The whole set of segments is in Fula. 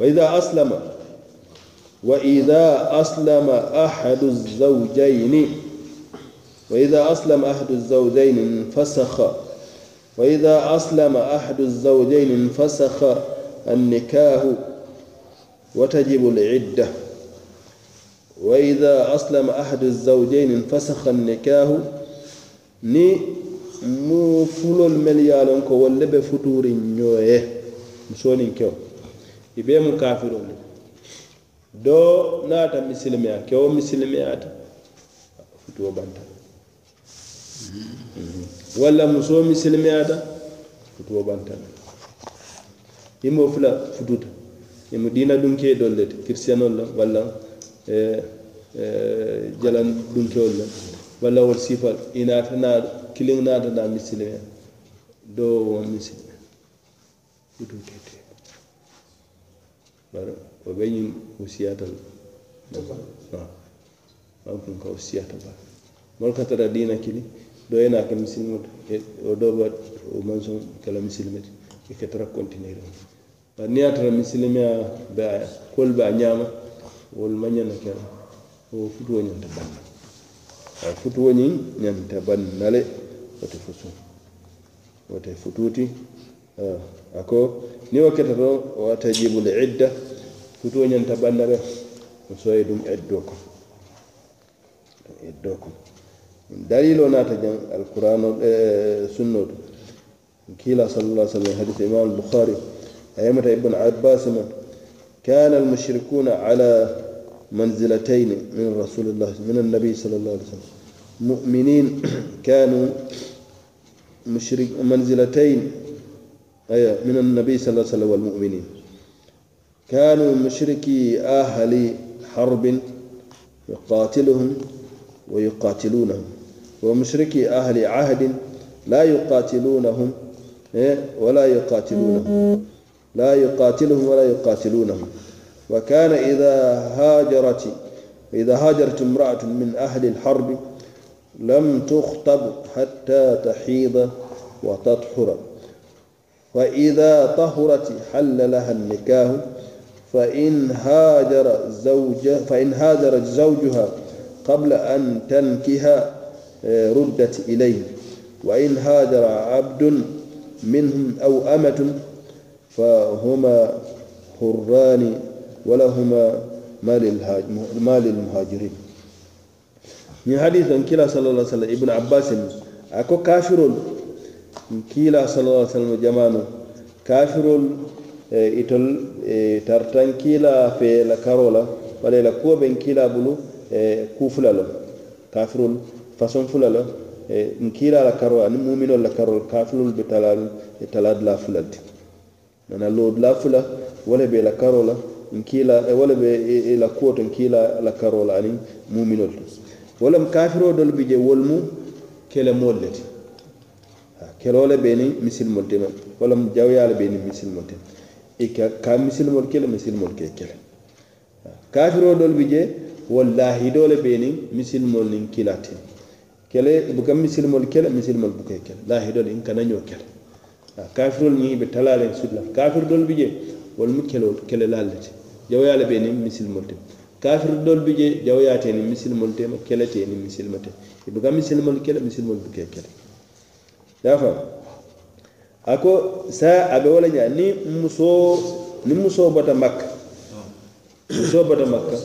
وإذا أسلم وإذا أسلم أحد الزوجين وإذا أسلم أحد الزوجين انفسخ وإذا أسلم أحد الزوجين انفسخ النكاح وتجب العدة وإذا أسلم أحد الزوجين انفسخ النكاح ني مو فلول mel yalon ko wolle be musonin kew i be mhm. mu kafirole do naata misilimeya kewo misilimeyata futuo banta walla muso misilimeyata futuo banta imo fula fututa imu dina dunke dollete christianol la walla e, e, jalan dunkewol la walla wol sifal inaata naa kiliŋ naata naa misilimeya do won misilime kuto kete bar o ɓeñin o siyatal an fun ka o siyata ba molka tara dina kini do ena ke misilmata o doba o mansong kala misilmete e ke tara continuer on bar niya tara misilme a ɓe a kol ɓe a ñama wol mañana kena o futu wo ñanta banna a futu wo ñin ñanta ban nale wote fo sun wote fututi ako ni wo keta to wa tajibu l idda futuo ñanta banda ɓe muso ye ɗum eddo ko eddo ko dalilo naata jan alqur'ano sunno to kiila sallallah sallam hadith imam albukhari ayamata ibn abbas ma كان المشركون على منزلتين من رسول الله من النبي صلى الله عليه وسلم مؤمنين كانوا مشرك منزلتين أي من النبي صلى الله عليه وسلم والمؤمنين كانوا مشركي أهل حرب يقاتلهم ويقاتلونهم ومشركي أهل عهد لا يقاتلونهم إيه؟ ولا يقاتلونهم لا يقاتلهم ولا يقاتلونهم وكان إذا هاجرت إذا هاجرت امرأة من أهل الحرب لم تخطب حتى تحيض وتطهر فإذا طهرت حل لها النكاح فإن هاجر زوجها فإن هاجر زوجها قبل أن تنكها آه، ردت إليه وإن هاجر عبد منهم أو أمة فهما حران ولهما مال المهاجرين من حديث كلا صلى الله عليه وسلم ابن عباس أكو كافر nkila sallallahu alaihi wasallam jamanu kafirul e, itol e, tartan fe la karola wala la ko ben kila bulu e, kufula kafirul façon fulalo lo e, nkila la karola ni mu'minol la karol kafirul be e talad la fulati nana lod la fula wala be la karola nkila e, wala be e, e, la kuoto nkila la karola ani mu'minol wala kafiro dol bije wolmu kele molleti kelole beni misilmol tema wala jawyala beni misilmol tema e ka, ka misilmol kele misilmol ke kele kafiro dol bi je wallahi dole beni misilmol nin kilati kele buka misilmol kele misilmol buka e kele lahi dole in kana nyo kele kafiro ni be talale sudla kafir dol bi je wal mu kele e kele lalati jawyala beni misilmol tema kafir dol bi je jawyata ni misilmol tema kele te ni misilmol tema buka misilmol kele misilmol buka kele dafa ako sa abe wala nya ni muso ni muso bata makka muso bata makka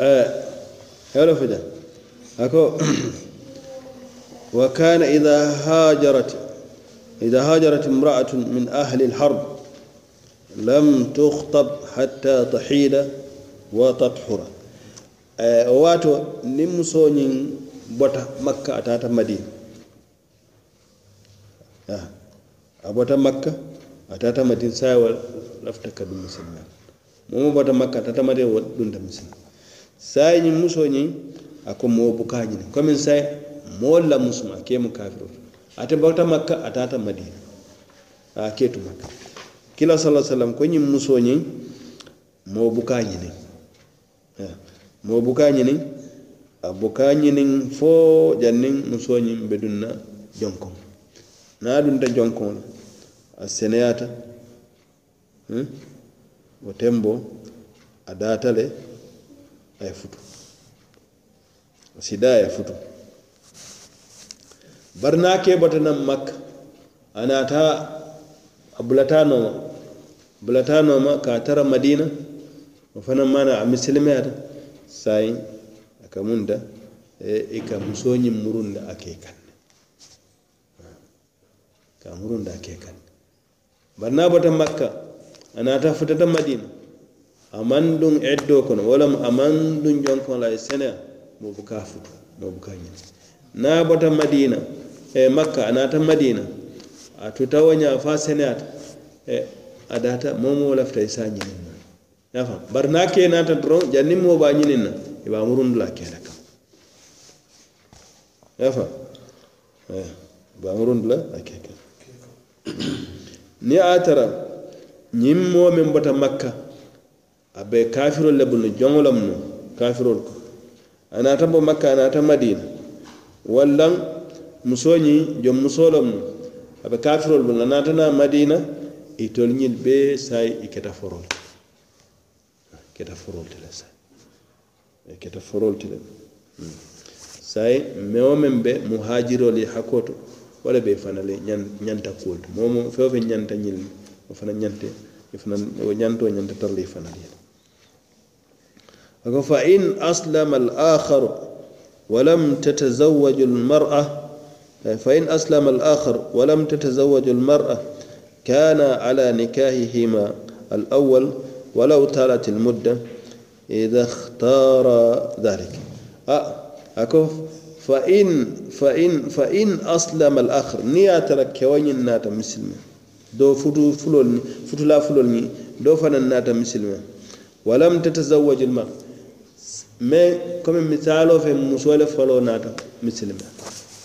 eh hello fida ako وكان إذا هاجرت إذا هاجرت امرأة من أهل الحرب lam tukhtab hatta tahila wa tathura o waato niŋ musoñiŋ bota makka a taata madina a bota makka a taata madina sai wa lafita ka duŋ misilima momo bota makka a taata madina wa dunta misilima saya ñiŋ musoñiŋ a ko moo buka ñini commin sai moolu la musuma ke kee mu kafiro ate bota makka a taata madina a kee tu makka kila sala sallam ko ñiŋ musoo ñiŋ moo buka ñiniŋ moo buka ñiniŋ a buka ñiniŋ fo janniŋ musoo ñiŋ be duŋ na jonkoŋ naŋ a dunta jonkoŋ la a seneyaata hmm, wo tembo a daata le a ye futu a sida a ye futu bari naa ke bota naŋ makka a naata a bulata noma bulata noma ka tara madina o fana mana a misilimeyata saayiŋ a ka da eh, i ka musoo murun da a ke kan ne ka murunda a ke kan ne bari niŋ a bota makka a naata madina a maŋ duŋ iddoo kono wala a maŋ duŋ jonkoŋo la e sene m'o buka futu m'o buka yin na bata madina eh, makka a ta madina atuta wo ñaa fa seneyaata e eh, a data momo moo lafita i se na yafam bari na a nata naata janni janniŋ moo be na i e b'a murun murundu la kee kan ya fa e b'a a murundu la a kee kaŋ a tara ñiŋ mo min bota makka a be kafirolu le bulu joŋo no kafirolu ko a nata bo makka a nata madina wallan muso ñiŋ jom musoo no abe kafirol bula natana madina itol e ñil be say i e keta forol keta forol tele sa e keta forol tele hmm. say mewo men be mu hajirol ye hakkoto wala be fanale ñanta kuwoltu momo fewo fe ñanta ñil o fana ñante fana o ñanto ñanta tarle i fanale yela ako fa in aslama al akharu wa lam tatazawwaju al mar'a فإن أسلم الآخر ولم تتزوج المرأة كان على نكاههما الأول ولو طالت المدة إذا اختار ذلك أه أكف فإن فإن فإن أسلم الآخر ترك ركوين النات مسلم دو فتو فلول فتو لا فلولني دو فن النات مسلم ولم تتزوج المرأة ما كم مثال في مسؤول فلو نات مسلمه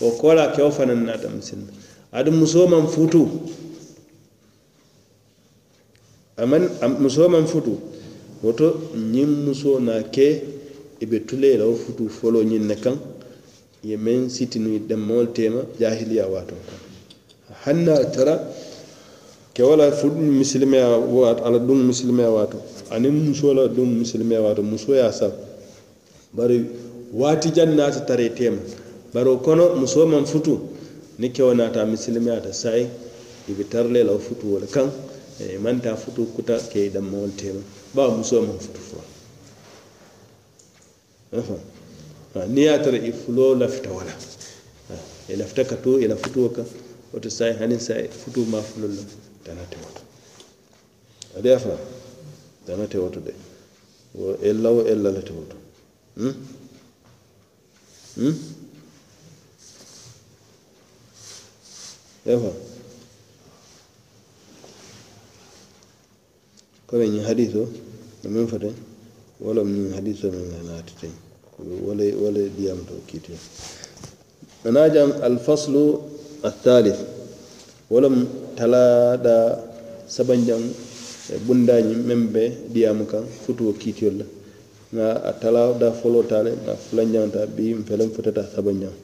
wo kola kewo fanaŋ naata misilima aduŋ musoo maŋ futu amaŋ musoo maŋ futu woto ñiŋ musoo na ke i be tule la wo futu foloo ñiŋ ne kaŋ ye meŋ sitinu danmaŋolu teema jahiliya waatoo kaŋ hani na tara ke wala misilimeya wato ala duŋ misilimeya waato aniŋ musoo la duŋ misilimeya waato musoo ye a sabu bari waati jaŋ naata tara i teema baro kono musoo man futu ni kewo naata misilimeyata sai i be tarle la wo futu wo le kaŋ i e manta futu kuta ke i danmawol teema bawo musoo man futu fula niŋ ye a tara i fuloo lafita wala i lafita ka tu i la futuwo kaŋ wo to sai hani sai futu maa fulol le tanate woto adiya fa tanate woto de wo ella wo ella le te woto Hmm? hmm? yafa kono ñiŋ hadiso no meŋ fote wala ñiŋ hadiso meŋ ŋa naati teŋ wala wala diyamto kiite ana jaŋ alfaslu athalith wala talaada sabanjaŋ e bundañi meŋ be diyamu kaŋ futuo kiitiyol la nga a talaada folo taale nga fulanjaŋ ta bii nfeleŋ futata sabanjaŋ